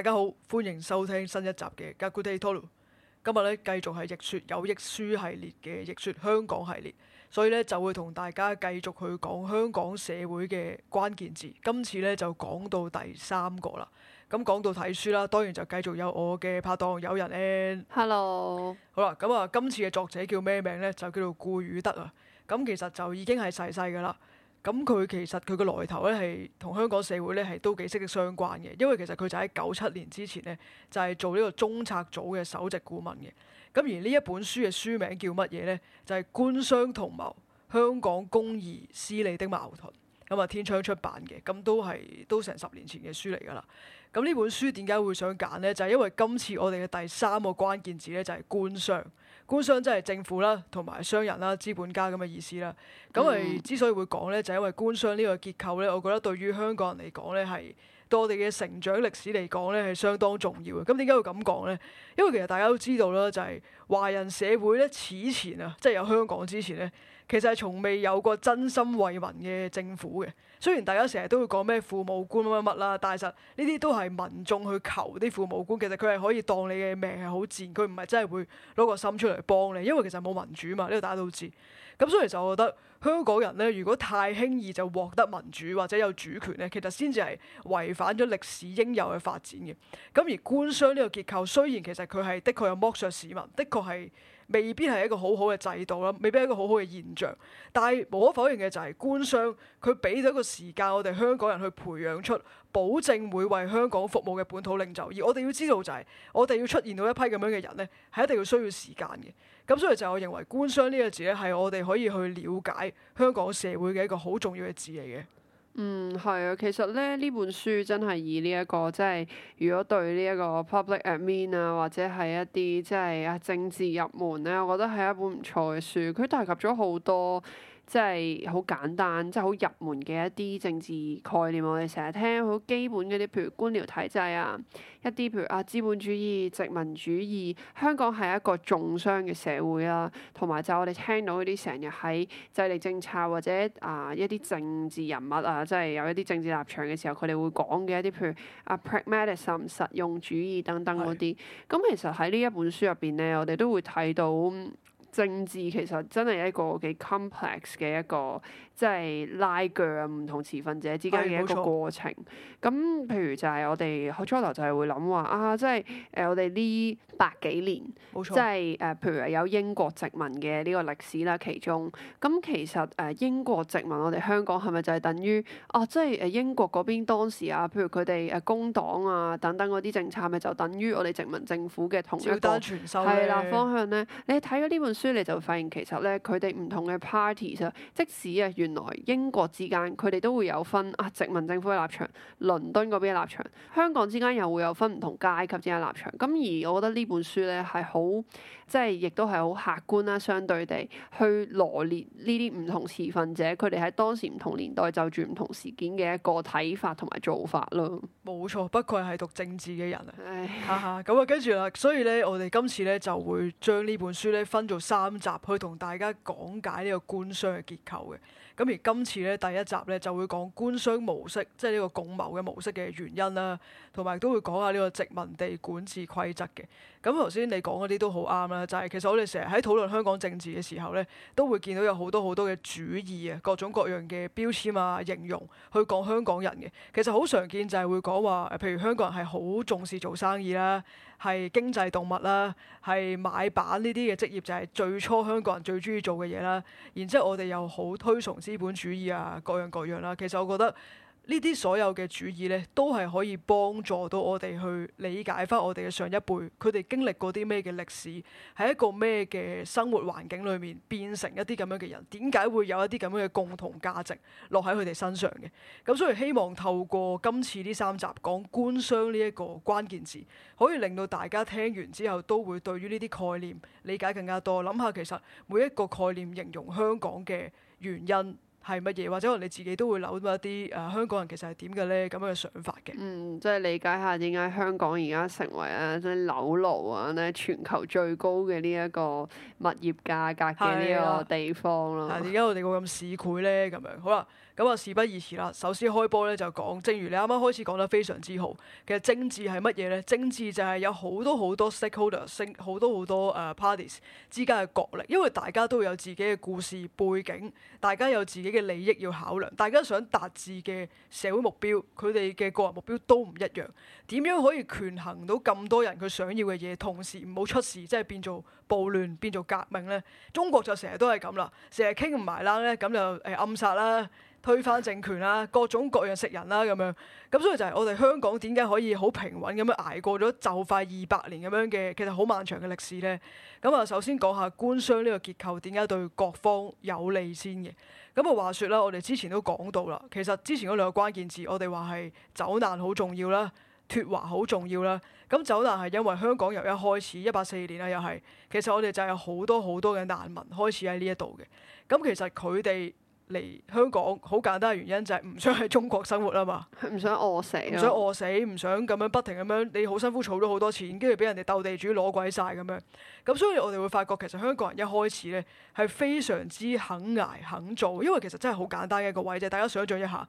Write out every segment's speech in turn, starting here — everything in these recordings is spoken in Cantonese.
大家好，歡迎收聽新一集嘅《Gadgety Talk》。今日咧繼續係逆說有益書系列嘅逆說香港系列，所以咧就會同大家繼續去講香港社會嘅關鍵字。今次咧就講到第三個啦。咁講到睇書啦，當然就繼續有我嘅拍檔，有人誒，Hello，好啦，咁啊，今次嘅作者叫咩名咧？就叫做顧汝德啊。咁其實就已經係細細噶啦。咁佢其實，佢個來頭咧係同香港社會咧係都幾息息相關嘅，因為其實，佢就喺九七年之前咧就係做呢個中策組嘅首席顧問嘅。咁而呢一本書嘅書名叫乜嘢呢？就係官商同謀，香港公義私利的矛盾。咁啊，天窗出版嘅，咁都係都成十年前嘅書嚟㗎啦。咁呢本書點解會想揀呢？就係因為今次我哋嘅第三個關鍵字咧就係官商。官商即係政府啦，同埋商人啦、資本家咁嘅意思啦。咁係、嗯、之所以會講呢，就係、是、因為官商呢個結構呢，我覺得對於香港人嚟講呢，係對我哋嘅成長歷史嚟講呢，係相當重要嘅。咁點解會咁講呢？因為其實大家都知道啦，就係、是、華人社會呢，此前啊，即、就、係、是、有香港之前呢。其實係從未有過真心為民嘅政府嘅。雖然大家成日都會講咩父母官乜乜乜啦，但係實呢啲都係民眾去求啲父母官。其實佢係可以當你嘅命係好賤，佢唔係真係會攞個心出嚟幫你。因為其實冇民主嘛，呢個大家都知。咁所以其實我覺得香港人呢，如果太輕易就獲得民主或者有主權呢，其實先至係違反咗歷史應有嘅發展嘅。咁而官商呢個結構，雖然其實佢係的確有剝削市民，的確係。未必係一個好好嘅制度啦，未必係一個好好嘅現象。但係無可否認嘅就係官商，佢俾咗一個時間我哋香港人去培養出，保證會為香港服務嘅本土領袖。而我哋要知道就係，我哋要出現到一批咁樣嘅人呢，係一定要需要時間嘅。咁所以就我認為官商呢個字咧，係我哋可以去了解香港社會嘅一個好重要嘅字嚟嘅。嗯，係啊，其實咧呢本書真係以呢一個即係如果對呢一個 public admin 啊，或者係一啲即係啊政治入門咧，我覺得係一本唔錯嘅書。佢提及咗好多。即係好簡單，即係好入門嘅一啲政治概念。我哋成日聽好基本嗰啲，譬如官僚體制啊，一啲譬如啊資本主義、殖民主義。香港係一個重商嘅社會啊，同埋就我哋聽到嗰啲成日喺制定政策或者啊一啲政治人物啊，即係有一啲政治立場嘅時候，佢哋會講嘅一啲譬如啊 pragmatism 實用主義等等嗰啲。咁是其實喺呢一本書入邊咧，我哋都會睇到。政治其實真係一個幾 complex 嘅一個，即係拉鋸啊，唔同持份者之間嘅一個過程。咁沒錯 譬如就係我哋初頭就係會諗話啊，即係誒我哋呢百幾年，即係誒譬如有英國殖民嘅呢個歷史啦，其中咁其實誒英國殖民我哋香港係咪就係等於啊，即係誒英國嗰邊當時啊，譬如佢哋誒工黨啊等等嗰啲政策，咪就等於我哋殖民政府嘅同一個係啦方向咧？你睇咗呢本書？所以你就會發現其實咧，佢哋唔同嘅 parties，即使啊原來英國之間佢哋都會有分啊殖民政府嘅立場、倫敦嗰邊嘅立場、香港之間又會有分唔同階級之間嘅立場。咁而我覺得呢本書咧係好。即係亦都係好客觀啦，相對地去羅列呢啲唔同持份者，佢哋喺當時唔同年代就住唔同事件嘅一個睇法同埋做法咯。冇錯，不愧係讀政治嘅人啊！唉，哈哈、 嗯，咁啊跟住啦，所以咧，我哋今次咧就會將呢本書咧分做三集去同大家講解呢個官商嘅結構嘅。咁而今次咧第一集咧就會講官商模式，即係呢個共謀嘅模式嘅原因啦，同埋都會講下呢個殖民地管治規則嘅。咁頭先你講嗰啲都好啱啦，就係其實我哋成日喺討論香港政治嘅時候咧，都會見到有好多好多嘅主義啊，各種各樣嘅標籤啊、形容去講香港人嘅。其實好常見就係會講話，譬如香港人係好重視做生意啦，係經濟動物啦，係買辦呢啲嘅職業就係最初香港人最中意做嘅嘢啦。然之後我哋又好推崇資本主義啊，各樣，各樣各樣啦。其實我覺得。呢啲所有嘅主意呢，都係可以幫助到我哋去理解翻我哋嘅上一輩，佢哋經歷過啲咩嘅歷史，喺一個咩嘅生活環境裏面變成一啲咁樣嘅人，點解會有一啲咁樣嘅共同價值落喺佢哋身上嘅？咁所以希望透過今次呢三集講官商呢一個關鍵字，可以令到大家聽完之後都會對於呢啲概念，理解更加多。諗下其實每一個概念，形容香港嘅原因。係乜嘢？或者我哋自己都會諗一啲誒、呃、香港人其實係點嘅，咧咁樣嘅想法嘅。嗯，即係理解下點解香港而家成為啊，即係紐樓啊咧全球最高嘅呢一個物業價格嘅呢個地方咯、啊。但係點解我哋會咁市儈咧？咁樣好啦。咁啊，事不宜遲啦。首先開波咧就講，正如你啱啱開始講得非常之好，其實政治係乜嘢呢？政治就係有好多好多 stakeholder，好多好多誒 parties 之間嘅角力。因為大家都有自己嘅故事背景，大家有自己嘅利益要考量，大家想達至嘅社會目標，佢哋嘅個人目標都唔一樣。點樣可以權衡到咁多人佢想要嘅嘢，同時唔好出事，即係變做暴亂、變做革命呢？中國就成日都係咁啦，成日傾唔埋啦咧，咁就誒暗殺啦。推翻政權啦，各種各樣食人啦，咁樣咁，所以就係我哋香港點解可以好平穩咁樣捱過咗就快二百年咁樣嘅，其實好漫長嘅歷史呢。咁啊，首先講下官商呢個結構點解對各方有利先嘅。咁啊，話說啦，我哋之前都講到啦，其實之前嗰兩個關鍵字，我哋話係走難好重要啦，脫華好重要啦。咁走難係因為香港由一開始一八四二年啦，又係其實我哋就有好多好多嘅難民開始喺呢一度嘅。咁其實佢哋。嚟香港好簡單嘅原因就係唔想喺中國生活啊嘛，唔想，想餓死，唔想餓死，唔想咁樣不停咁樣你好辛苦儲咗好多錢，跟住俾人哋鬥地主攞鬼晒咁樣。咁所以我哋會發覺其實香港人一開始呢係非常之肯捱肯做，因為其實真係好簡單嘅一個位置。大家想像一下，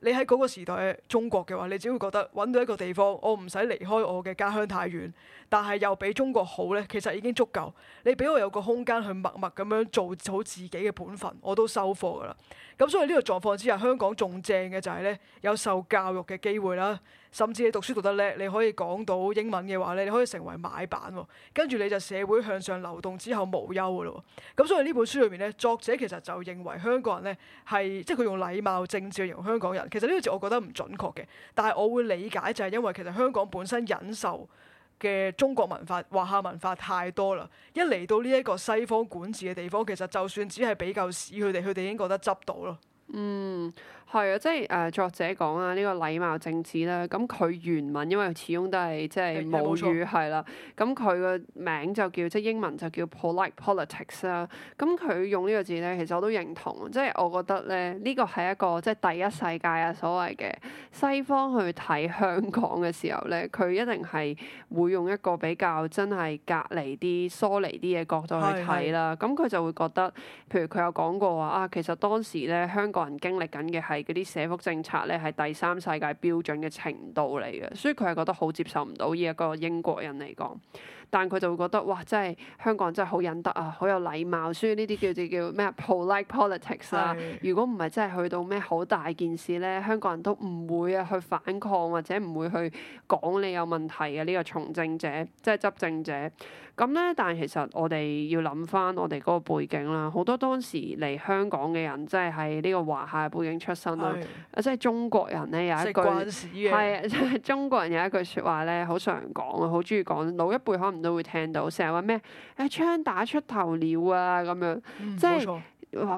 你喺嗰個時代嘅中國嘅話，你只會覺得揾到一個地方，我唔使離開我嘅家鄉太遠。但係又比中國好咧，其實已經足夠。你俾我有個空間去默默咁樣做好自己嘅本分，我都收貨噶啦。咁所以呢個狀況之下，香港仲正嘅就係咧有受教育嘅機會啦。甚至你讀書讀得叻，你可以講到英文嘅話咧，你可以成為買辦喎。跟住你就社會向上流動之後無憂噶咯。咁所以呢本書裏面咧，作者其實就認為香港人咧，係即係佢用禮貌政治嚟形容香港人。其實呢個字我覺得唔準確嘅，但係我會理解就係因為其實香港本身忍受嘅中國文化、華夏文化太多啦，一嚟到呢一個西方管治嘅地方，其實就算只係俾嚿屎佢哋，佢哋已經覺得執到咯。嗯。係啊，即係誒作者講啊，呢個禮貌政治咧，咁佢原文因為始終都係即係母語係啦，咁佢個名就叫即係英文就叫 Polite Politics 啦。咁佢用呢個字咧，其實我都認同，即係我覺得咧，呢個係一個即係第一世界啊所謂嘅西方去睇香港嘅時候咧，佢一定係會用一個比較真係隔離啲、疏離啲嘅角度去睇啦。咁佢就會覺得，譬如佢有講過話啊，其實當時咧香港人經歷緊嘅係。嗰啲社福政策咧係第三世界標準嘅程度嚟嘅，所以佢係覺得好接受唔到，呢一個英國人嚟講。但佢就會覺得哇，真係香港真係好忍得啊，好有禮貌，所以呢啲叫做叫咩 polite politics 啦的。如果唔係真係去到咩好大件事咧，香港人都唔會啊去反抗，或者唔會去講你有問題嘅呢個從政者，即係執政者。咁咧，但係其實我哋要諗翻我哋嗰個背景啦，好多當時嚟香港嘅人真係喺呢個華夏背景出生啦，的即係中國人咧有一句係啊，中國人有一句説話咧，好常講，好中意講，老一輩可能。都會聽到成日話咩？誒、啊、槍打出頭鳥啊咁樣，嗯、即係沒錯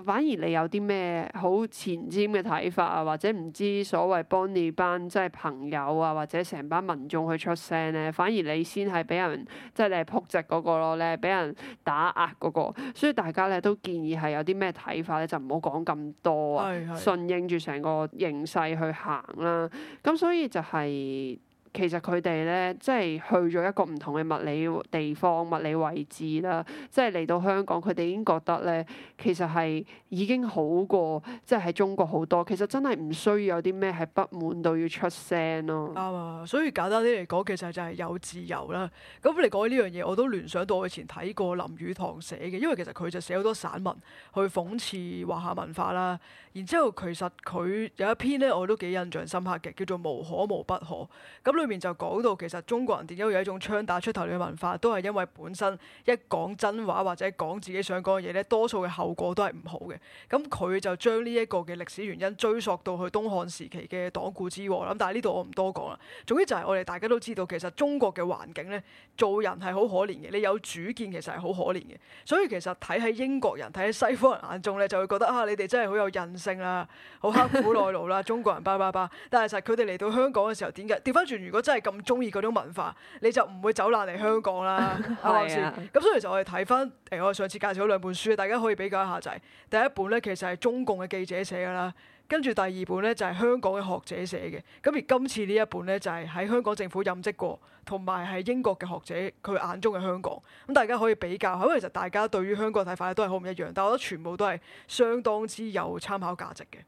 反而你有啲咩好前瞻嘅睇法啊？或者唔知所謂幫你班即係朋友啊，或者成班民眾去出聲咧，反而你先係俾人即係撲直嗰個咯咧，俾人打壓嗰、嗰個。所以大家咧都建議係有啲咩睇法咧，就唔好講咁多啊，是是順應住成個形勢去行啦。咁所以就係、是。其實佢哋咧，即係去咗一個唔同嘅物理地方、物理位置啦，即係嚟到香港，佢哋已經覺得咧，其實係已經好過即係喺中國好多。其實真係唔需要有啲咩係不滿到要出聲咯。啱啊，所以簡單啲嚟講，其實就係有自由啦。咁你講呢樣嘢，我都聯想到我以前睇過林語堂寫嘅，因為其實佢就寫好多散文去諷刺華夏文化啦。然之後其實佢有一篇咧，我都幾印象深刻嘅，叫做《無可無不可》。咁面就講到其實中國人點解會有一種槍打出頭嘅文化，都係因為本身一講真話或者講自己想講嘅嘢咧，多數嘅後果都係唔好嘅。咁佢就將呢一個嘅歷史原因追溯到去東漢時期嘅黨錮之禍。咁但係呢度我唔多講啦。總之就係我哋大家都知道，其實中國嘅環境咧，做人係好可憐嘅。你有主見其實係好可憐嘅。所以其實睇喺英國人睇喺西方人眼中咧，就會覺得啊，你哋真係好有韌性啦，好刻苦耐勞啦。中國人叭叭叭。但係實佢哋嚟到香港嘅時候，點解調翻轉？如果真係咁中意嗰種文化，你就唔會走難嚟香港啦，係咪先？咁所以其實我哋睇翻誒，我上次介紹咗兩本書，大家可以比較一下就係第一本咧，其實係中共嘅記者寫噶啦。跟住第二本呢就係、是、香港嘅學者寫嘅，咁而今次呢一本呢就係、是、喺香港政府任職過，同埋喺英國嘅學者佢眼中嘅香港，咁大家可以比較下，因為其實大家對於香港睇法都係好唔一樣，但我覺得全部都係相當之有參考價值嘅。咁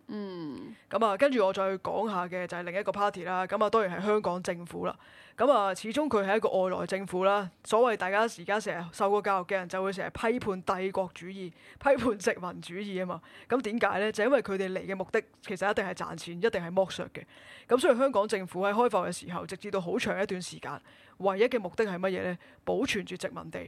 啊、嗯，跟住我再去講下嘅就係另一個 party 啦，咁啊當然係香港政府啦。咁啊，始終佢係一個外來政府啦。所謂大家而家成日受過教育嘅人就會成日批判帝國主義、批判殖民主義啊嘛。咁點解呢？就因為佢哋嚟嘅目的其實一定係賺錢，一定係剝削嘅。咁所以香港政府喺開埠嘅時候，直至到好長一段時間，唯一嘅目的係乜嘢呢？保存住殖民地，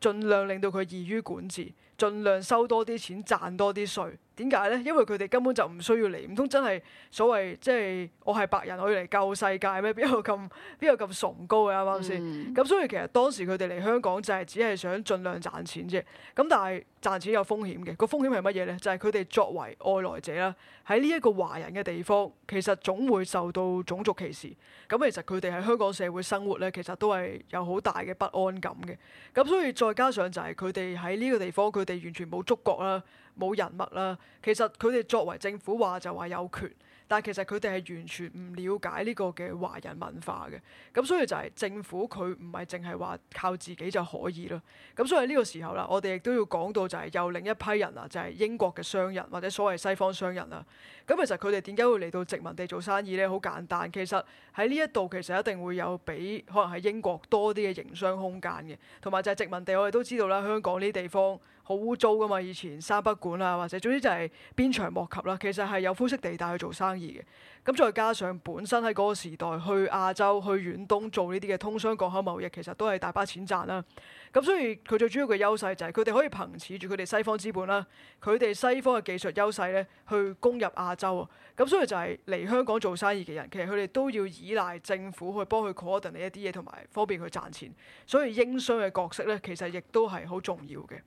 儘量令到佢易於管治，儘量收多啲錢，賺多啲稅。點解呢？因為佢哋根本就唔需要嚟，唔通真係所謂即係我係白人，我要嚟救世界咩？邊有咁，邊有咁崇高嘅，啱啱先咁，所以其實當時佢哋嚟香港就係只係想盡量賺錢啫。咁但係賺錢有風險嘅，個風險係乜嘢呢？就係佢哋作為外來者啦，喺呢一個華人嘅地方，其實總會受到種族歧視。咁、啊、其實佢哋喺香港社會生活呢，其實都係有好大嘅不安感嘅。咁、啊、所以再加上就係佢哋喺呢個地方，佢哋完全冇觸覺啦。冇人物啦，其實佢哋作為政府話就話有權，但係其實佢哋係完全唔了解呢個嘅華人文化嘅，咁所以就係政府佢唔係淨係話靠自己就可以咯，咁所以呢個時候啦，我哋亦都要講到就係有另一批人啊，就係、是、英國嘅商人或者所謂西方商人啊。咁其實佢哋點解會嚟到殖民地做生意呢？好簡單，其實喺呢一度其實一定會有比可能喺英國多啲嘅營商空間嘅，同埋就係殖民地我哋都知道啦，香港呢啲地方好污糟㗎嘛，以前三不管啊，或者總之就係鞭長莫及啦。其實係有灰色地帶去做生意嘅。咁再加上本身喺嗰個時代去亞洲去遠東做呢啲嘅通商港口貿易，其實都係大把錢賺啦。咁所以佢最主要嘅優勢就係佢哋可以憑恃住佢哋西方資本啦，佢哋西方嘅技術優勢呢，去攻入亞洲。亞洲啊，咁、嗯、所以就係嚟香港做生意嘅人，其實佢哋都要依賴政府去幫佢 coordinate 一啲嘢，同埋方便佢賺錢。所以英商嘅角色咧，其實亦都係好重要嘅。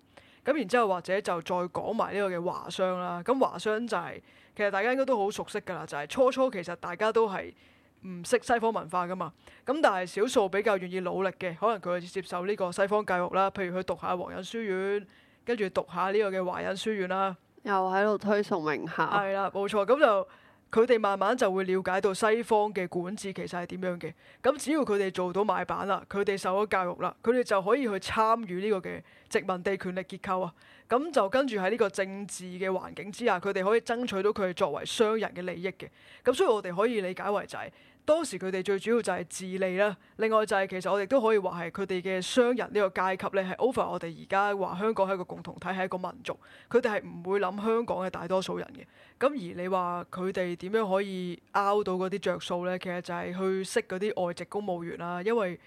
咁然之後或者就再講埋呢個嘅華商啦。咁華商就係、是、其實大家應該都好熟悉噶啦，就係、是、初初其實大家都係唔識西方文化噶嘛。咁但係少數比較願意努力嘅，可能佢接受呢個西方教育啦，譬如去讀下皇仁書院，跟住讀下呢個嘅華仁書院啦。又喺度推崇名校，係啦，冇錯。咁就佢哋慢慢就會了解到西方嘅管治其實係點樣嘅。咁只要佢哋做到買板啦，佢哋受咗教育啦，佢哋就可以去參與呢個嘅殖民地權力結構啊。咁就跟住喺呢個政治嘅環境之下，佢哋可以爭取到佢作為商人嘅利益嘅。咁所以我哋可以理解為就係。當時佢哋最主要就係自利啦，另外就係、是、其實我哋都可以話係佢哋嘅商人呢個階級咧，係 over 我哋而家話香港係一個共同體，係一個民族，佢哋係唔會諗香港嘅大多數人嘅。咁而你話佢哋點樣可以拗到嗰啲着數呢？其實就係去識嗰啲外籍公務員啦，因為。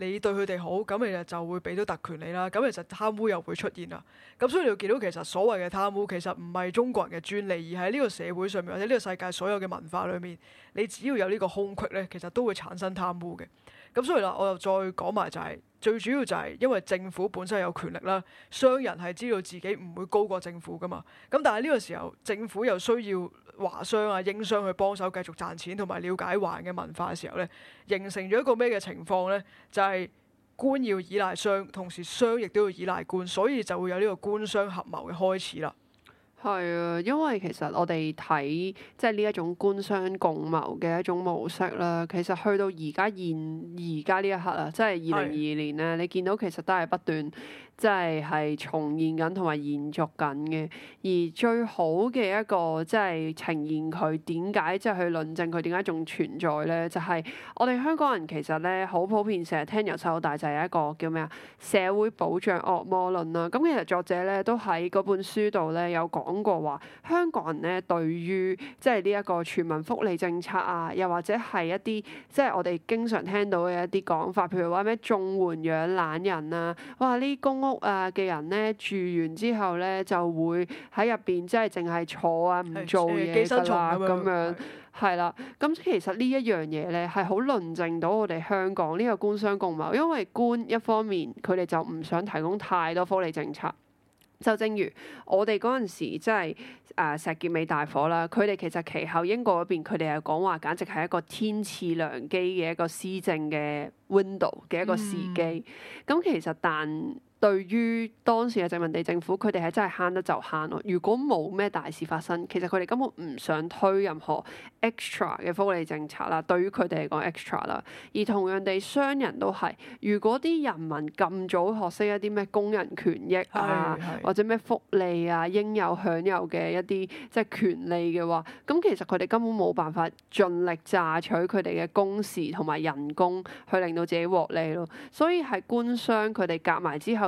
你對佢哋好，咁其實就會俾到特權你啦。咁其實貪污又會出現啦。咁所以你就見到其實所謂嘅貪污其實唔係中國人嘅專利，而喺呢個社會上面或者呢個世界所有嘅文化裏面，你只要有呢個空隙咧，其實都會產生貪污嘅。咁所以啦，我又再講埋就係最主要就係因為政府本身有權力啦，商人係知道自己唔會高過政府噶嘛。咁但係呢個時候政府又需要。華商啊、英商去幫手繼續賺錢，同埋了解華人嘅文化嘅時候咧，形成咗一個咩嘅情況呢？就係、是、官要依賴商，同時商亦都要依賴官，所以就會有呢個官商合謀嘅開始啦。係啊，因為其實我哋睇即係呢一種官商共謀嘅一種模式啦。其實去到而家現而家呢一刻啊，即係二零二二年呢，的你見到其實都係不斷。即係係重現緊同埋延續緊嘅，而最好嘅一個即係呈現佢點解即係去論證佢點解仲存在咧，就係我哋香港人其實咧好普遍，成日聽，由細到大就係一個叫咩啊社會保障惡魔論啦。咁其實作者咧都喺嗰本書度咧有講過話香港人咧對於即係呢一個全民福利政策啊，又或者係一啲即係我哋經常聽到嘅一啲講法，譬如話咩綜援養懶人啊，哇！呢公屋啊嘅人咧住完之後咧就會喺入邊即係淨係坐啊唔做嘢嘅啦，咁樣係啦。咁其實呢一樣嘢咧係好論證到我哋香港呢個官商共謀，因為官一方面佢哋就唔想提供太多福利政策。就正如我哋嗰陣時即係誒石硖尾大火啦，佢哋其實其後英國嗰邊佢哋係講話簡直係一個天賜良機嘅一個施政嘅 window 嘅一個時機。咁、嗯、其實但對於當時嘅殖民地政府，佢哋係真係慳得就慳咯。如果冇咩大事發生，其實佢哋根本唔想推任,任何 extra 嘅福利政策啦。對於佢哋嚟講 extra 啦。而同樣地商人都係如果啲人民咁早學識一啲咩工人權益啊，或者咩福利啊，應有享有嘅一啲即係權利嘅話，咁其實佢哋根本冇辦法盡力榨取佢哋嘅工時同埋人工去令到自己獲利咯。所以係官商佢哋夾埋之後。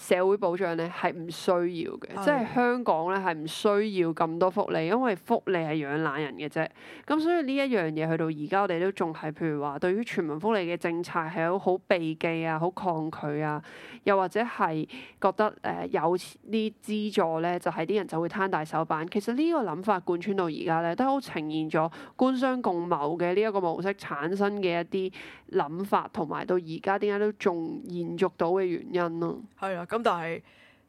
社會保障咧係唔需要嘅，係嘅。即係香港咧係唔需要咁多福利，因為福利係養懶人嘅啫。咁所以呢一樣嘢去到而家，我哋都仲係譬如話，對於全民福利嘅政策係好好避忌啊，好抗拒啊，又或者係覺得誒、呃、有啲資助咧，就係啲人就會攤大手板。其實呢個諗法貫穿到而家咧，都好呈現咗官商共謀嘅呢一個模式產生嘅一啲諗法，同埋到而家點解都仲延續到嘅原因咯。係啊。咁但係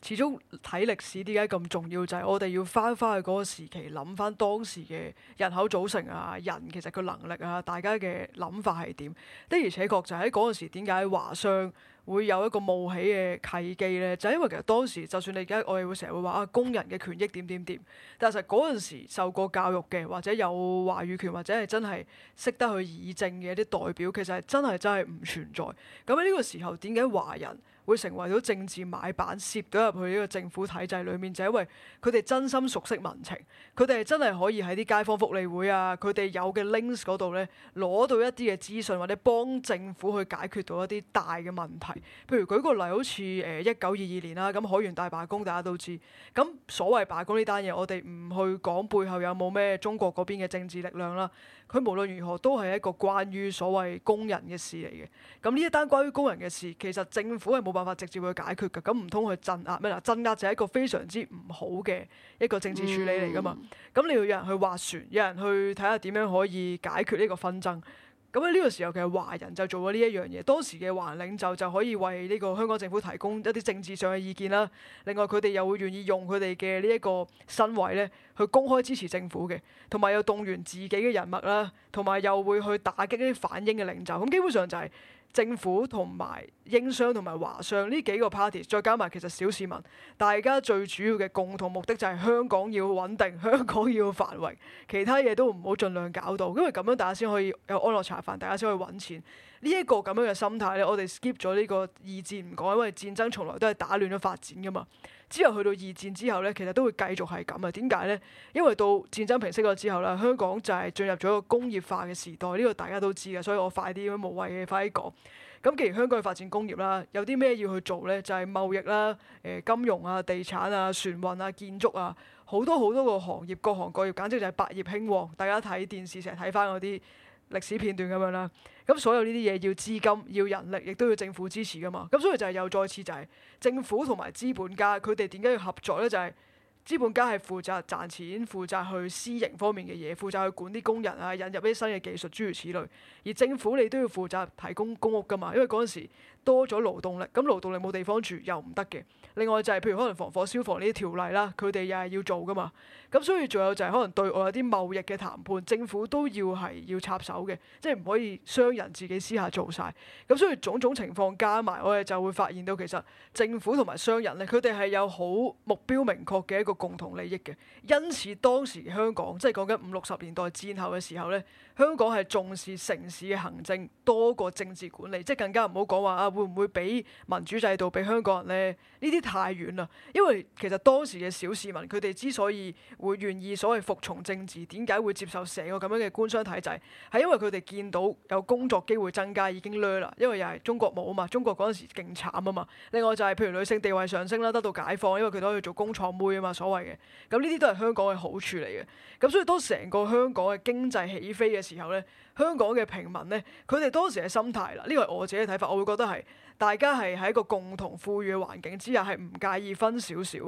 始終睇歷史點解咁重要，就係我哋要翻翻去嗰個時期，諗翻當時嘅人口組成啊，人其實個能力啊，大家嘅諗法係點的？的而且確就喺嗰陣時點解華商會有一個冒起嘅契機呢？就係因為其實當時就算你而家我哋會成日會話啊工人嘅權益點點點，但係其實嗰時受過教育嘅，或者有話語權，或者係真係識得去議政嘅一啲代表，其實係真係真係唔存在。咁喺呢個時候點解華人？會成為到政治買辦，攝咗入去呢個政府體制裡面，就因為佢哋真心熟悉民情，佢哋係真係可以喺啲街坊福利會啊，佢哋有嘅 links 嗰度咧，攞到一啲嘅資訊或者幫政府去解決到一啲大嘅問題。譬如舉個例，好似誒一九二二年啦，咁海員大罷工，大家都知。咁所謂罷工呢單嘢，我哋唔去講背後有冇咩中國嗰邊嘅政治力量啦。佢無論如何都係一個關於所謂工人嘅事嚟嘅。咁呢一單關於工人嘅事，其實政府係冇。冇辦法直接去解決㗎，咁唔通去鎮壓咩？嗱，鎮壓就係一個非常之唔好嘅一個政治處理嚟噶嘛。咁、嗯、你要有人去划船，有人去睇下點樣可以解決呢個紛爭。咁喺呢個時候，其實華人就做咗呢一樣嘢。當時嘅華人領袖就可以為呢個香港政府提供一啲政治上嘅意見啦。另外佢哋又會願意用佢哋嘅呢一個身位呢去公開支持政府嘅，同埋又動員自己嘅人脈啦，同埋又會去打擊啲反英嘅領袖。咁基本上就係、是。政府同埋英商同埋華商呢幾個 party，再加埋其實小市民，大家最主要嘅共同目的就係香港要穩定，香港要繁榮，其他嘢都唔好盡量搞到，因為咁樣大家先可以有安樂茶飯，大家先可以揾錢。呢、這、一個咁樣嘅心態咧，我哋 skip 咗呢個二戰唔講，因為戰爭從來都係打亂咗發展㗎嘛。之後去到二戰之後咧，其實都會繼續係咁啊？點解咧？因為到戰爭平息咗之後啦，香港就係進入咗一個工業化嘅時代。呢、呢個大家都知㗎，所以我快啲冇謂嘅快啲講。咁既然香港發展工業啦，有啲咩要去做咧？就係、是、貿易啦、誒、呃、金融啊、地產啊、船運啊、建築啊，好多好多個行業，各行各業，簡直就係百業興旺。大家睇電視成日睇翻嗰啲。歷史片段咁樣啦，咁所有呢啲嘢要資金、要人力，亦都要政府支持噶嘛。咁所以就係又再次就係、是、政府同埋資本家佢哋點解要合作呢？就係、是、資本家係負責賺錢、負責去私營方面嘅嘢、負責去管啲工人啊、引入一啲新嘅技術諸如此類，而政府你都要負責提供公屋噶嘛，因為嗰陣時。多咗勞動力，咁勞動力冇地方住又唔得嘅。另外就係，譬如可能防火、消防呢啲條例啦，佢哋又係要做噶嘛。咁所以仲有就係，可能對外有啲貿易嘅談判，政府都要係要插手嘅，即係唔可以商人自己私下做晒。咁所以種種情況加埋，我哋就會發現到其實政府同埋商人咧，佢哋係有好目標明確嘅一個共同利益嘅。因此當時香港即係講緊五六十年代戰後嘅時候咧。香港係重視城市嘅行政多過政治管理，即係更加唔好講話啊會唔會俾民主制度俾香港人咧？呢啲太遠啦。因為其實當時嘅小市民，佢哋之所以會願意所謂服從政治，點解會接受成個咁樣嘅官商體制，係因為佢哋見到有工作機會增加已經叻啦。因為又係中國冇啊嘛，中國嗰陣時勁慘啊嘛。另外就係譬如女性地位上升啦，得到解放，因為佢都可以做工廠妹啊嘛，所謂嘅。咁呢啲都係香港嘅好處嚟嘅。咁所以當成個香港嘅經濟起飛嘅時候咧，香港嘅平民咧，佢哋當時嘅心態啦，呢個係我自己嘅睇法，我會覺得係大家係喺一個共同富裕嘅環境之下，係唔介意分少少，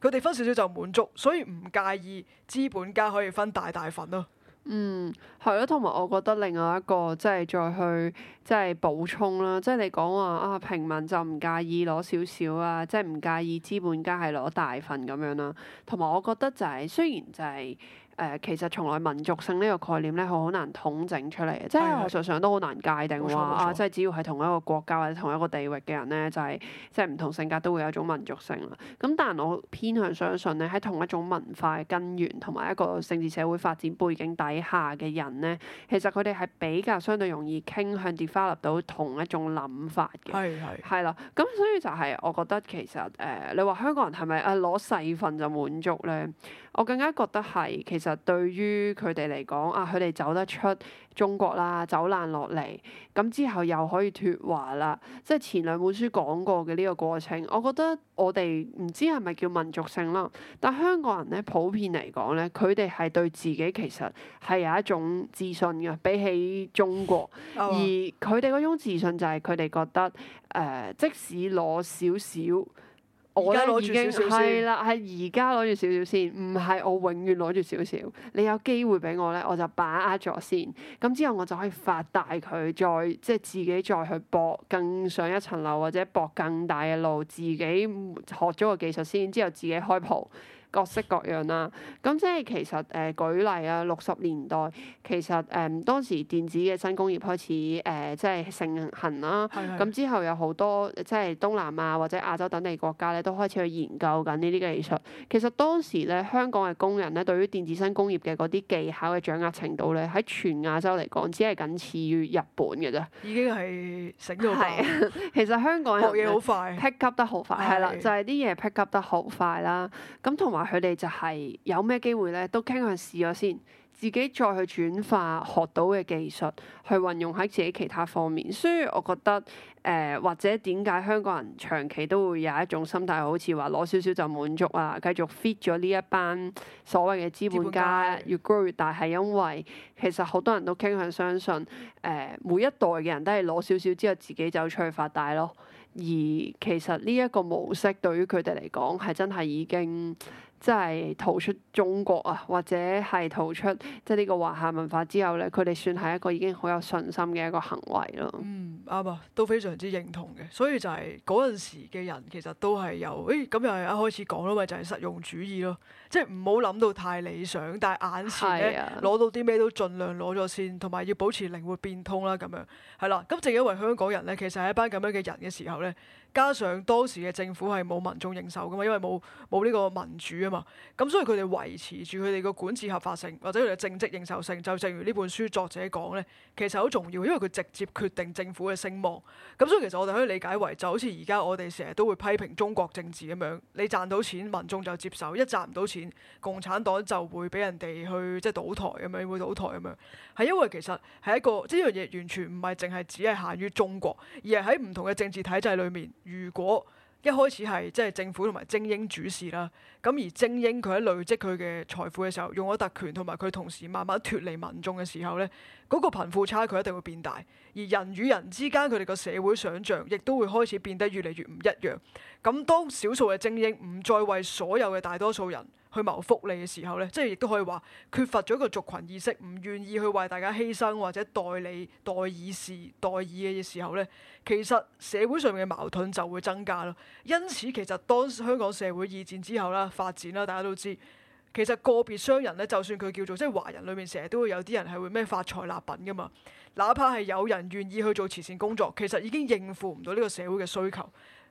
佢哋分少少就滿足，所以唔介意資本家可以分大大份咯。嗯，係咯，同埋我覺得另外一個即係再去即係補充啦，即係你講話啊，平民就唔介意攞少少啊，即係唔介意資本家係攞大份咁樣啦。同埋我覺得就係雖然就係。誒、呃，其實從來民族性呢個概念咧，係好難統整出嚟嘅、嗯。即係實際上都好難界定話錯啊，錯即係只要係同一個國家或者同一個地域嘅人咧，就係即係唔同性格都會有一種民族性啦。咁但係我偏向相信咧，喺同一種文化嘅根源同埋一個政治社會發展背景底下嘅人咧，其實佢哋係比較相對容易傾向 develop 到同一種諗法嘅，係係係啦。咁、嗯、的所以就係我覺得其實誒、呃，你話香港人係咪誒攞細份就滿足咧？我更加覺得係，其實對於佢哋嚟講，啊佢哋走得出中國啦，走難落嚟，咁之後又可以脫華啦，即係前兩本書講過嘅呢個過程。我覺得我哋唔知係咪叫民族性啦，但香港人咧普遍嚟講咧，佢哋係對自己其實係有一種自信嘅，比起中國。 哦、而佢哋嗰種自信就係佢哋覺得，誒、呃、即使攞少少。我咧已經係啦，係而家攞住少少先，唔係我永遠攞住少少。你有機會俾我咧，我就把握咗先。咁之後我就可以發大佢，再即係自己再去搏更上一層樓，或者搏更大嘅路。自己學咗個技術先，之後自己開鋪。各式各樣啦，咁即係其實誒、呃、舉例啊，六十年代其實誒、嗯、當時電子嘅新工業開始誒、呃、即係盛行啦。咁是是 之後有好多即係東南亞或者亞洲等地國家咧，都開始去研究緊呢啲技術。是是其實當時咧，香港嘅工人咧，對於電子新工業嘅嗰啲技巧嘅掌握程度咧，喺全亞洲嚟講，只係僅次於日本嘅啫。已經係醒咗嚟，其實香港學嘢好快，pick up 得好快。係啦是是，就係啲嘢 pick up 得好快啦。咁同埋。佢哋就係有咩機會咧，都傾向試咗先，自己再去轉化學到嘅技術，去運用喺自己其他方面。所以，我覺得誒、呃，或者點解香港人長期都會有一種心態，好似話攞少少就滿足啊，繼續 fit 咗呢一班所謂嘅資本家越 grow 越大，係因為其實好多人都傾向相信誒、呃，每一代嘅人都係攞少少之後，自己就出去發大咯。而其實呢一個模式對於佢哋嚟講，係真係已經～即係逃出中國啊，或者係逃出即係呢個華夏文化之後咧，佢哋算係一個已經好有信心嘅一個行為咯。嗯，啱啊，都非常之認同嘅。所以就係嗰陣時嘅人其實都係有，誒、哎、咁又係一開始講啦咪就係、是、實用主義咯，即係唔好諗到太理想，但係眼前咧攞、啊、到啲咩都盡量攞咗先，同埋要保持靈活變通啦咁樣。係啦、啊，咁正因為香港人咧，其實係一班咁樣嘅人嘅時候咧。加上當時嘅政府係冇民眾認受噶嘛，因為冇冇呢個民主啊嘛，咁所以佢哋維持住佢哋嘅管治合法性，或者佢哋嘅政績認受性，就正如呢本書作者講咧，其實好重要，因為佢直接決定政府嘅聲望，咁所以其實我哋可以理解為就好似而家我哋成日都會批評中國政治咁樣，你賺到錢民眾就接受，一賺唔到錢共產黨就會俾人哋去即係倒台咁樣會倒台咁樣，係因為其實係一個即，呢樣嘢完全唔係淨係只係限於中國，而係喺唔同嘅政治體制裏面。如果一開始係即係政府同埋精英主事啦，咁而精英佢喺累積佢嘅財富嘅時候，用咗特權同埋佢同時慢慢脫離民眾嘅時候呢，嗰個貧富差距一定會變大，而人與人之間佢哋個社會想像亦都會開始變得越嚟越唔一樣。咁當少數嘅精英唔再為所有嘅大多數人去謀福利嘅時候呢，即係亦都可以話缺乏咗一個族群意識，唔願意去為大家犧牲或者代理代議士代議嘅時候呢，其實社會上面嘅矛盾就會增加咯。因此其實當香港社會二戰之後啦，發展啦，大家都知其實個別商人呢，就算佢叫做即係、就是、華人裏面成日都會有啲人係會咩發財立品㗎嘛，哪怕係有人願意去做慈善工作，其實已經應付唔到呢個社會嘅需求。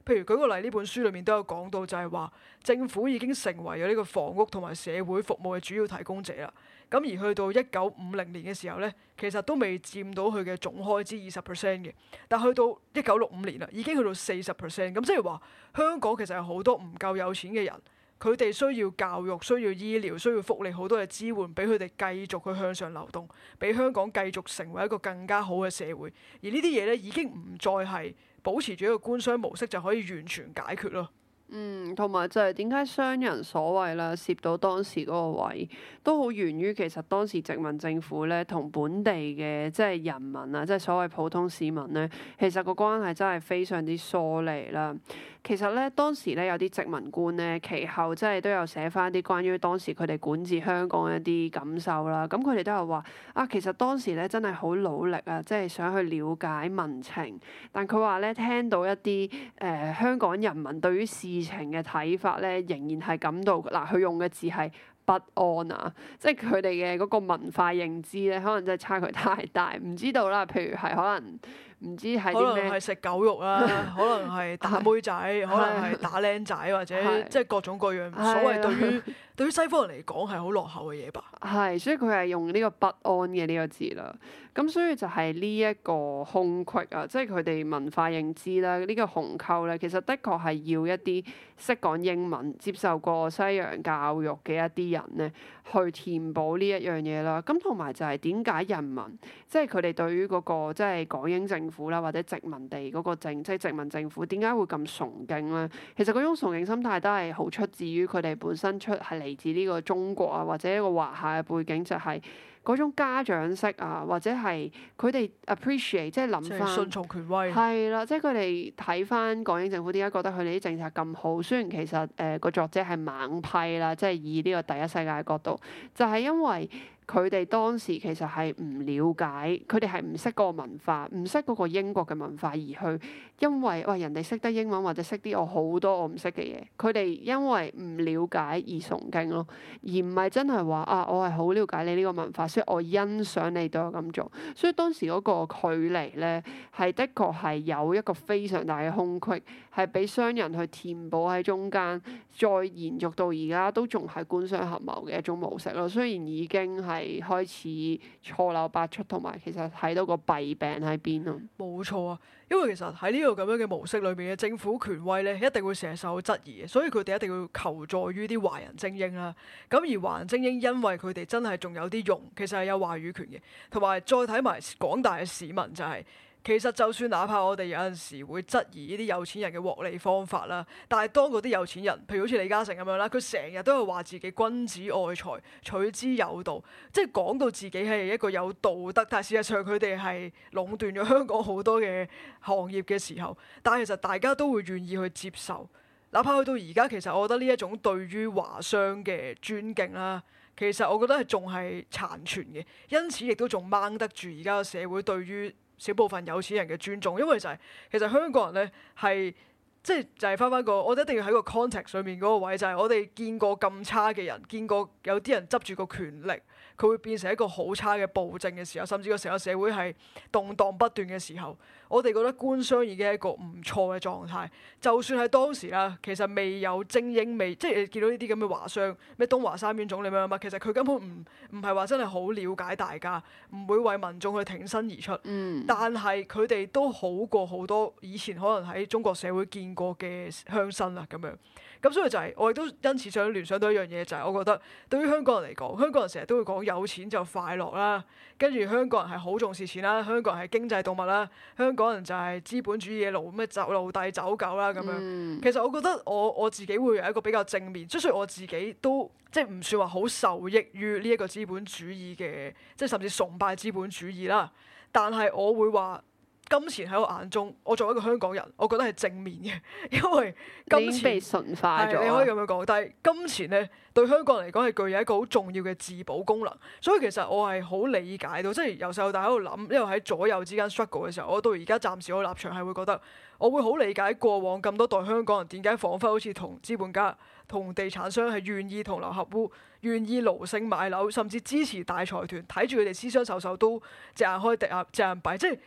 譬如舉個例，呢本書裏面都有講到，就係話政府已經成為咗呢個房屋同埋社會服務嘅主要提供者啦。咁而去到一九五零年嘅時候呢，其實都未佔到佢嘅總開支二十 percent 嘅，但去到一九六五年啦，已經去到四十 percent。咁即係話香港其實有好多唔夠有錢嘅人。佢哋需要教育、需要醫療，需要福利，好多嘅支援俾佢哋繼續去向上流動，俾香港繼續成為一個更加好嘅社會。而呢啲嘢咧已經唔再係保持住一個官商模式就可以完全解決咯。嗯，同埋就係點解商人所謂啦，涉到當時嗰個位都好源於其實當時殖民政府咧同本地嘅即係人民啊，即係所謂普通市民咧，其實個關係真係非常之疏離啦。其實咧，當時咧有啲殖民官咧，其後即係都有寫返啲關於當時佢哋管治香港嘅一啲感受啦。咁佢哋都有話啊，其實當時咧真係好努力啊，即係想去了解民情。但佢話咧，聽到一啲誒、呃、香港人民對於事情嘅睇法咧，仍然係感到嗱，佢、啊、用嘅字係不安啊，即係佢哋嘅嗰個文化認知咧，可能真係差距太大，唔知道啦。譬如係可能。唔知係啲咩？可能係食狗肉啦、啊， 可能係打妹仔， 可能係打僆仔，或者 是即係各種各樣。 的所謂對於 對於西方人嚟講係好落後嘅嘢吧。係， 所以佢係用呢個不安嘅呢個字啦。咁所以就係呢一個空隙啊，即係佢哋文化認知啦，呢、呢個鴻溝咧，其實的確係要一啲識講英文、接受過西洋教育嘅一啲人咧。去填補呢一樣嘢啦，咁同埋就係點解人民即係佢哋對於嗰，那個即係，就是，港英政府啦，或者殖民地嗰，那個政即係殖民政府點解會咁崇敬咧？其實嗰種崇敬心態都係好出自於佢哋本身出係嚟自呢個中國啊，或者一個華夏嘅背景就係，是。嗰種家長式啊，或者係佢哋 appreciate，即係諗翻。即係順從權威。係啦，即係佢哋睇翻港英政府點解覺得佢哋啲政策咁好，雖然其實誒個、呃、作者係猛批啦，即係以呢個第一世界嘅角度，就係因為。佢哋當時其實係唔了解，佢哋係唔識嗰個文化，唔識嗰個英國嘅文化，而去因為喂、呃、人哋識得英文或者識啲我好多我唔識嘅嘢，佢哋因為唔了解而崇敬咯，而唔係真係話啊我係好了解你呢個文化，所以我欣賞你對我咁做，所以當時嗰個距離咧係的確係有一個非常大嘅空隙。係俾商人去填補喺中間，再延續到而家都仲係官商合謀嘅一種模式咯。雖然已經係開始錯漏百出，同埋其實睇到個弊病喺邊咯。冇錯啊，因為其實喺呢個咁樣嘅模式裏面嘅政府權威咧，一定會成日受質疑嘅，所以佢哋一定要求助於啲華人精英啦。咁而華人精英因為佢哋真係仲有啲用，其實係有話語權嘅。同埋再睇埋廣大嘅市民就係、是。其實就算哪怕我哋有陣時會質疑呢啲有錢人嘅獲利方法啦，但係當嗰啲有錢人，譬如好似李嘉誠咁樣啦，佢成日都係話自己君子愛財，取之有道，即係講到自己係一個有道德，但係事實上佢哋係壟斷咗香港好多嘅行業嘅時候，但係其實大家都會願意去接受，哪怕去到而家，其實我覺得呢一種對於華商嘅尊敬啦，其實我覺得係仲係殘存嘅，因此亦都仲掹得住而家個社會對於少部分有錢人嘅尊重，因為就係、是、其實香港人呢，係即係就係翻翻個，我哋一定要喺個 context 上面嗰個位，就係、是、我哋見過咁差嘅人，見過有啲人執住個權力，佢會變成一個好差嘅暴政嘅時候，甚至個成個社會係動盪不斷嘅時候。我哋覺得官商已經係一個唔錯嘅狀態，就算喺當時啦，其實未有精英未，未即係你見到呢啲咁嘅華商，咩東華三院總理咁樣嘛，其實佢根本唔唔係話真係好了解大家，唔會為民眾去挺身而出。嗯，但係佢哋都好過好多以前可能喺中國社會見過嘅鄉紳啦咁樣。咁所以就係，我亦都因此想聯想到一樣嘢，就係，我覺得對於香港人嚟講，香港人成日都會講有錢就快樂啦，跟住香港人係好重視錢啦，香港人係經濟動物啦，香港人就係資本主義嘅路咩走，奴隸走狗啦咁樣。其實我覺得我我自己會有一個比較正面，即雖然我自己都即唔算話好受益於呢一個資本主義嘅，即甚至崇拜資本主義啦，但係我會話。金錢喺我眼中，我作為一個香港人，我覺得係正面嘅，因為金錢被神化咗。你可以咁樣講，但係金錢咧對香港人嚟講係具有一個好重要嘅自保功能。所以其實我係好理解到，即係由細到大喺度諗，因為喺左右之間 struggle 嘅時候，我到而家暫時嘅立場係會覺得，我會好理解過往咁多代香港人點解彷彿好似同資本家、同地產商係願意同流合污，願意奴性買樓，甚至支持大財團，睇住佢哋私相授受都隻眼開隻眼閉，即係。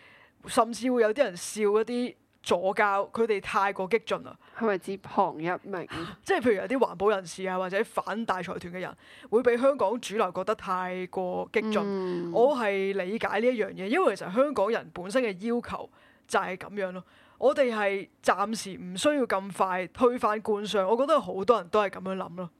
甚至會有啲人笑一啲左膠，佢哋太過激進啦。係咪指旁一明？即係譬如有啲環保人士啊，或者反大財團嘅人，會俾香港主流覺得太過激進。嗯、我係理解呢一樣嘢，因為其實香港人本身嘅要求就係咁樣咯。我哋係暫時唔需要咁快推翻官商，我覺得好多人都係咁樣諗咯。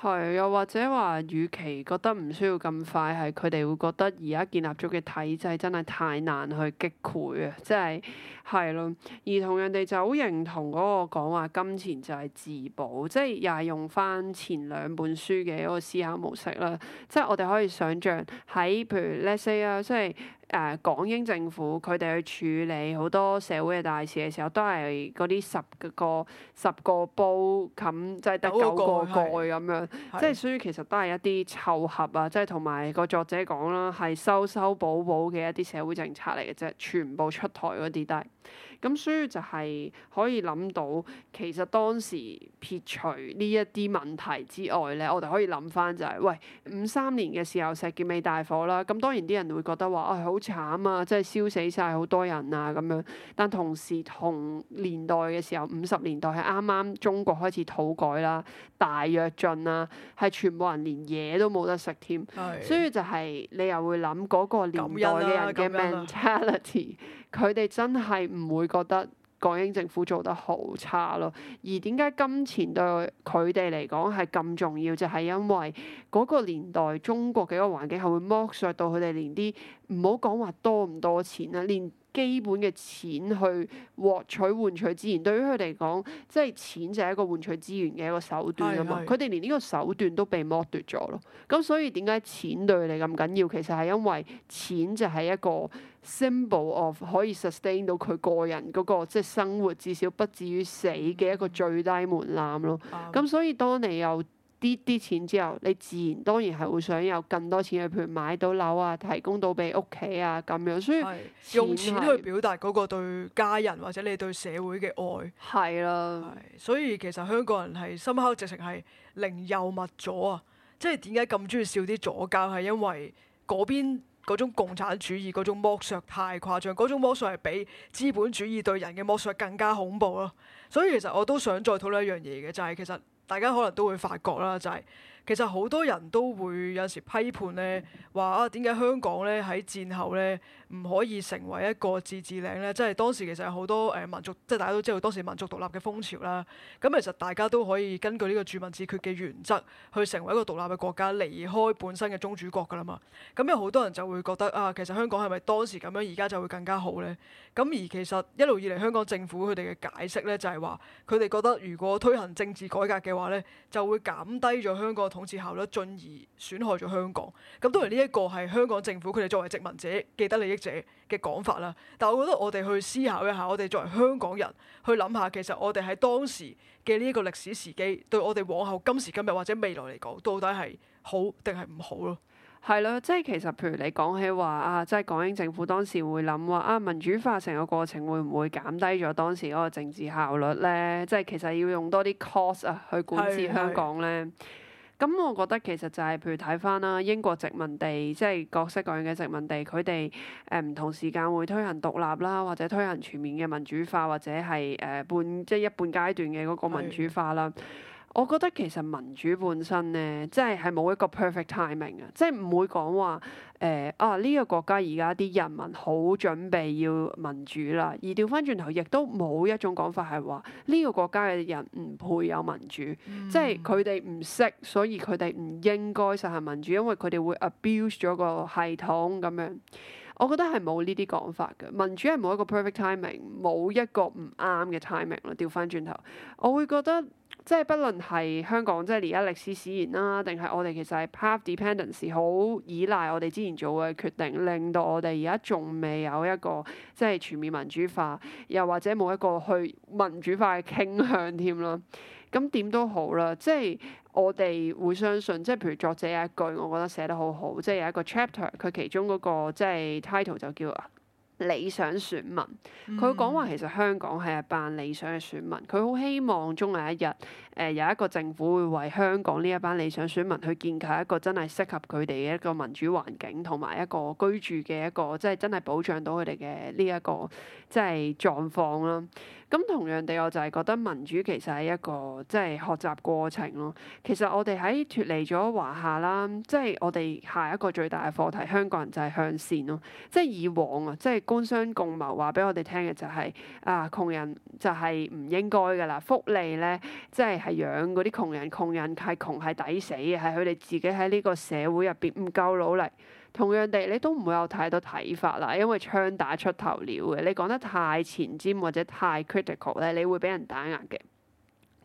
係，又或者話，與其覺得唔需要咁快，係佢哋會覺得而家建立咗嘅體制真係太難去擊潰啊！即係係咯，而同人哋就好認同嗰個講話，金錢就係自保，即係又係用翻前兩本書嘅一個思考模式啦。即係我哋可以想像喺譬如 let's say 啊，即係。誒、呃、港英政府佢哋去處理好多社會嘅大事嘅時候，都係嗰啲十個十個煲冚，即係得九個蓋咁個樣，的即係所以其實都係一啲湊合啊！的即係同埋個作者講啦，係修修補補嘅一啲社會政策嚟嘅啫，全部出台嗰啲，都係。咁所以就係可以諗到，其實當時撇除呢一啲問題之外咧，我哋可以諗翻就係、是，喂五三年嘅時候石硤尾大火啦，咁當然啲人會覺得話啊好慘啊，即係燒死晒好多人啊咁樣。但同時同年代嘅時候，五十年代係啱啱中國開始土改啦，大躍進啦，係全部人連嘢都冇得食添。係，所以就係、是、你又會諗嗰、那個年代嘅人嘅、啊啊、mentality。佢哋真係唔會覺得港英政府做得好差咯，而點解金錢對佢哋嚟講係咁重要？就係因為嗰個年代中國嘅一個環境係會剝削到佢哋，連啲唔好講話多唔多錢啦，連。基本嘅錢去獲取換取資源，對於佢哋嚟講，即係錢就係一個換取資源嘅一個手段啊嘛。佢哋連呢個手段都被剝奪咗咯。咁所以點解錢對佢哋咁緊要？其實係因為錢就係一個 symbol of 可以 sustain 到佢個人嗰個即係生活，至少不至於死嘅一個最低門檻咯。咁、嗯、所以當你有啲啲錢之後，你自然當然係會想有更多錢去譬如買到樓啊，提供到俾屋企啊咁樣。所以是錢是用錢去表達嗰個對家人或者你對社會嘅愛。係啦的，所以其實香港人係深刻直情係零幽默咗啊！即係點解咁中意笑啲左膠？係因為嗰邊嗰種共產主義嗰種剝削太誇張，嗰種剝削係比資本主義對人嘅剝削更加恐怖咯。所以其實我都想再討論一樣嘢嘅，就係、是、其實。大家可能都會發覺啦，就係、是。其實好多人都會有時批判咧，話啊點解香港咧喺戰後咧唔可以成為一個自治領咧？即係當時其實有好多誒民族，即係大家都知道當時民族獨立嘅風潮啦。咁其實大家都可以根據呢個住民自決嘅原則，去成為一個獨立嘅國家，離開本身嘅宗主國㗎啦嘛。咁有好多人就會覺得啊，其實香港係咪當時咁樣，而家就會更加好咧？咁而其實一路以嚟香港政府佢哋嘅解釋咧，就係話佢哋覺得如果推行政治改革嘅話咧，就會減低咗香港同統治效率，進而損害咗香港。咁當然呢一個係香港政府佢哋作為殖民者、既得利益者嘅講法啦。但係我覺得我哋去思考一下，我哋作為香港人去諗下，其實我哋喺當時嘅呢一個歷史時機，對我哋往後今時今日或者未來嚟講到底係好定係唔好咯？係啦，即係其實譬如你講起話啊，即係港英政府當時會諗話啊，民主化成個過程會唔會減低咗當時嗰個政治效率咧？即係其實要用多啲 cost 啊去管治的香港咧。咁、嗯、我覺得其實就係、是，譬如睇翻啦，英國殖民地，即、就、係、是、各式各樣嘅殖民地，佢哋誒唔同時間會推行獨立啦，或者推行全面嘅民主化，或者係誒半即係、就是、一半階段嘅嗰個民主化啦。我覺得其實民主本身咧，即係係冇一個 perfect timing、呃、啊，即係唔會講話誒啊呢個國家而家啲人民好準備要民主啦，而掉返轉頭亦都冇一種講法係話呢個國家嘅人唔配有民主，嗯、即係佢哋唔識，所以佢哋唔應該實行民主，因為佢哋會 abuse 咗個系統咁樣。我覺得係冇呢啲講法嘅，民主係冇一個 perfect timing，冇一個唔啱嘅 timing 咯。調翻轉頭，我會覺得即係不論係香港即係而家歷史使然啦，定係我哋其實係 path dependence，好依賴我哋之前做嘅決定，令到我哋而家仲未有一個即係全面民主化，又或者冇一個去民主化嘅傾向添咯。咁點都好啦，即係我哋會相信，即係譬如作者有一句，我覺得寫得好好，即係有一個 chapter，佢其中嗰個即係 title 就叫《理想選民》，佢講話其實香港係一班理想嘅選民，佢好希望終有一日，誒有一個政府會為香港呢一班理想選民去建構一個真係適合佢哋嘅一個民主環境同埋一個居住嘅一個，即係真係保障到佢哋嘅呢一個即係狀況啦。咁同樣地，我就係覺得民主其實係一個即係、就是、學習過程咯。其實我哋喺脱離咗華夏啦，即、就、係、是、我哋下一個最大嘅課題，香港人就係向善咯。即、就、係、是、以往啊，即、就、係、是、官商共謀話俾我哋聽嘅就係、是、啊，窮人就係唔應該噶啦，福利咧即係係養嗰啲窮人，窮人太窮係抵死嘅，係佢哋自己喺呢個社會入邊唔夠努力。同樣地，你都唔會有太多睇法啦，因為槍打出頭鳥嘅。你講得太前瞻或者太 critical 咧，你會俾人打壓嘅。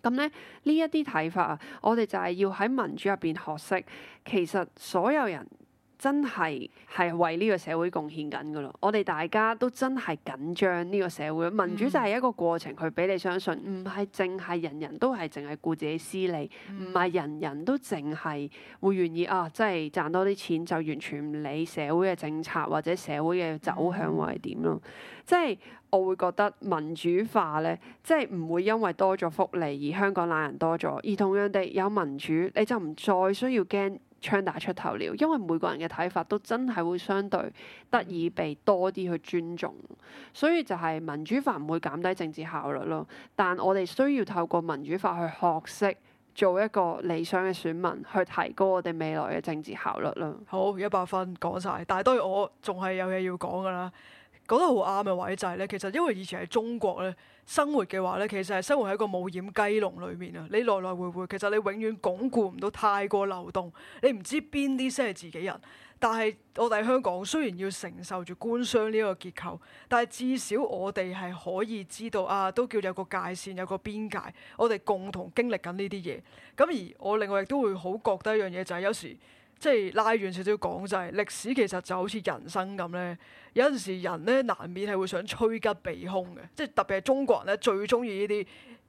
咁咧呢一啲睇法啊，我哋就係要喺民主入邊學識，其實所有人。真係係為呢個社會貢獻緊㗎咯！我哋大家都真係緊張呢個社會，民主就係一個過程，佢俾你相信，唔係淨係人人都係淨係顧自己私利，唔係、嗯、人人都淨係會願意啊！即係賺多啲錢就完全唔理社會嘅政策或者社會嘅走向或係點咯。嗯、即係我會覺得民主化咧，即係唔會因為多咗福利而香港懶人多咗，而同樣地有民主，你就唔再需要驚。槍打出頭鳥，因為每個人嘅睇法都真係會相對得以被多啲去尊重，所以就係民主化唔會減低政治效率咯。但我哋需要透過民主化去學識做一個理想嘅選民，去提高我哋未來嘅政治效率啦。好，一百分講晒。但係當然我仲係有嘢要講㗎啦。講得好啱嘅位就係、是、咧，其實因為以前喺中國咧生活嘅話咧，其實係生活喺一個冇掩雞籠裏面啊！你來來回回，其實你永遠鞏固唔到太過流動，你唔知邊啲先係自己人。但係我哋喺香港雖然要承受住官商呢個結構，但係至少我哋係可以知道啊，都叫有個界線，有個邊界。我哋共同經歷緊呢啲嘢。咁而我另外亦都會好覺得一樣嘢就係有時。即係拉遠少少講就係歷史，其實就好似人生咁呢有陣時人呢，難免係會想趨吉避凶嘅，即係特別係中國人呢，最中意呢啲，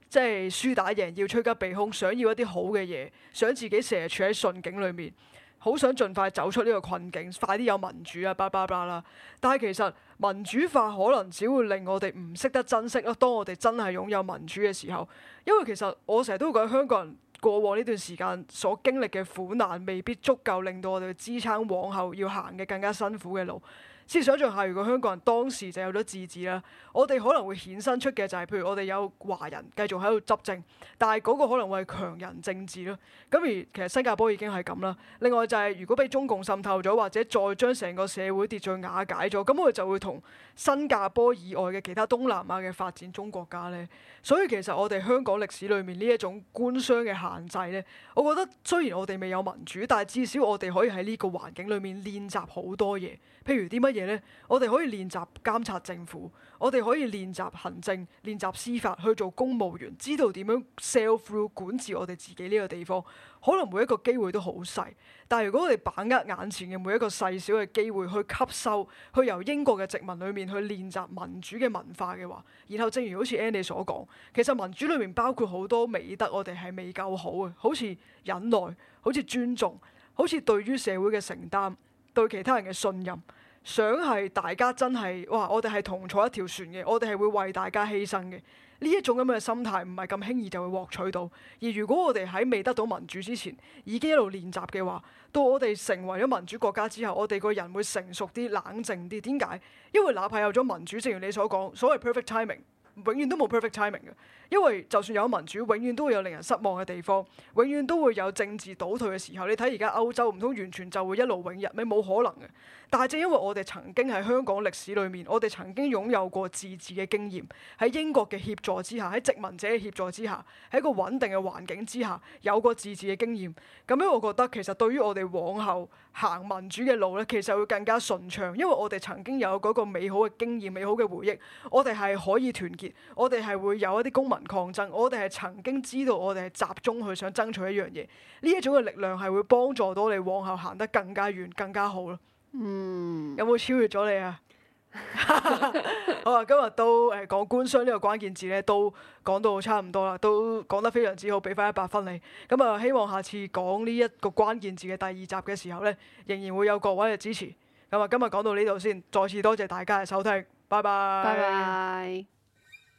即係輸打贏要趨吉避凶，想要一啲好嘅嘢，想自己成日處喺順境裏面，好想盡快走出呢個困境，快啲有民主啊！叭叭叭啦。但係其實民主化可能只會令我哋唔識得珍惜咯。當我哋真係擁有民主嘅時候，因為其實我成日都會覺得香港人。過往呢段時間所經歷嘅苦難，未必足夠令到我哋去支撐往後要行嘅更加辛苦嘅路。先想像下，如果香港人當時就有咗自治啦，我哋可能會衍生出嘅就係、是，譬如我哋有華人繼續喺度執政，但係嗰個可能會係強人政治咯。咁而其實新加坡已經係咁啦。另外就係、是、如果俾中共滲透咗，或者再將成個社會秩序瓦解咗，咁我哋就會同新加坡以外嘅其他東南亞嘅發展中國家咧。所以其實我哋香港歷史裏面呢一種官商嘅限制咧，我覺得雖然我哋未有民主，但係至少我哋可以喺呢個環境裏面練習好多嘢，譬如啲乜嘢咧，我哋可以練習監察政府，我哋可以練習行政、練習司法去做公務員，知道點樣 self-rule 管治，我哋自己呢個地方。可能每一個機會都好細，但係如果我哋把握眼前嘅每一個細小嘅機會去吸收，去由英國嘅殖民裏面去練習民主嘅文化嘅話，然後正如好似 Andy 所講，其實民主裏面包括好多美德，我哋係未夠好嘅，好似忍耐，好似尊重，好似對於社會嘅承擔，對其他人嘅信任。想係大家真係哇，我哋係同坐一條船嘅，我哋係會為大家犧牲嘅。呢一種咁嘅心態唔係咁輕易就會獲取到。而如果我哋喺未得到民主之前已經一路練習嘅話，到我哋成為咗民主國家之後，我哋個人會成熟啲、冷靜啲。點解？因為哪怕有咗民主，正如你所講，所謂 perfect timing。永遠都冇 perfect timing 嘅，因為就算有民主，永遠都會有令人失望嘅地方，永遠都會有政治倒退嘅時候。你睇而家歐洲，唔通完全就會一勞永逸咩？冇可能嘅。但係正因為我哋曾經喺香港歷史裏面，我哋曾經擁有過自治嘅經驗，喺英國嘅協助之下，喺殖民者嘅協助之下，喺一個穩定嘅環境之下，有過自治嘅經驗。咁樣我覺得其實對於我哋往後行民主嘅路咧，其實會更加順暢，因為我哋曾經有嗰個美好嘅經驗、美好嘅回憶，我哋係可以團結。我哋係會有一啲公民抗爭，我哋係曾經知道我哋係集中去想爭取一樣嘢，呢一種嘅力量係會幫助到你往後行得更加遠、更加好咯。嗯，有冇超越咗你啊？ 好啊，今日都誒講官商呢個關鍵字咧，都講到差唔多啦，都講得非常之好，俾翻一百分你。咁啊，希望下次講呢一個關鍵字嘅第二集嘅時候咧，仍然會有各位嘅支持。咁啊，今日講到呢度先，再次多謝大家嘅收聽，拜拜，拜拜。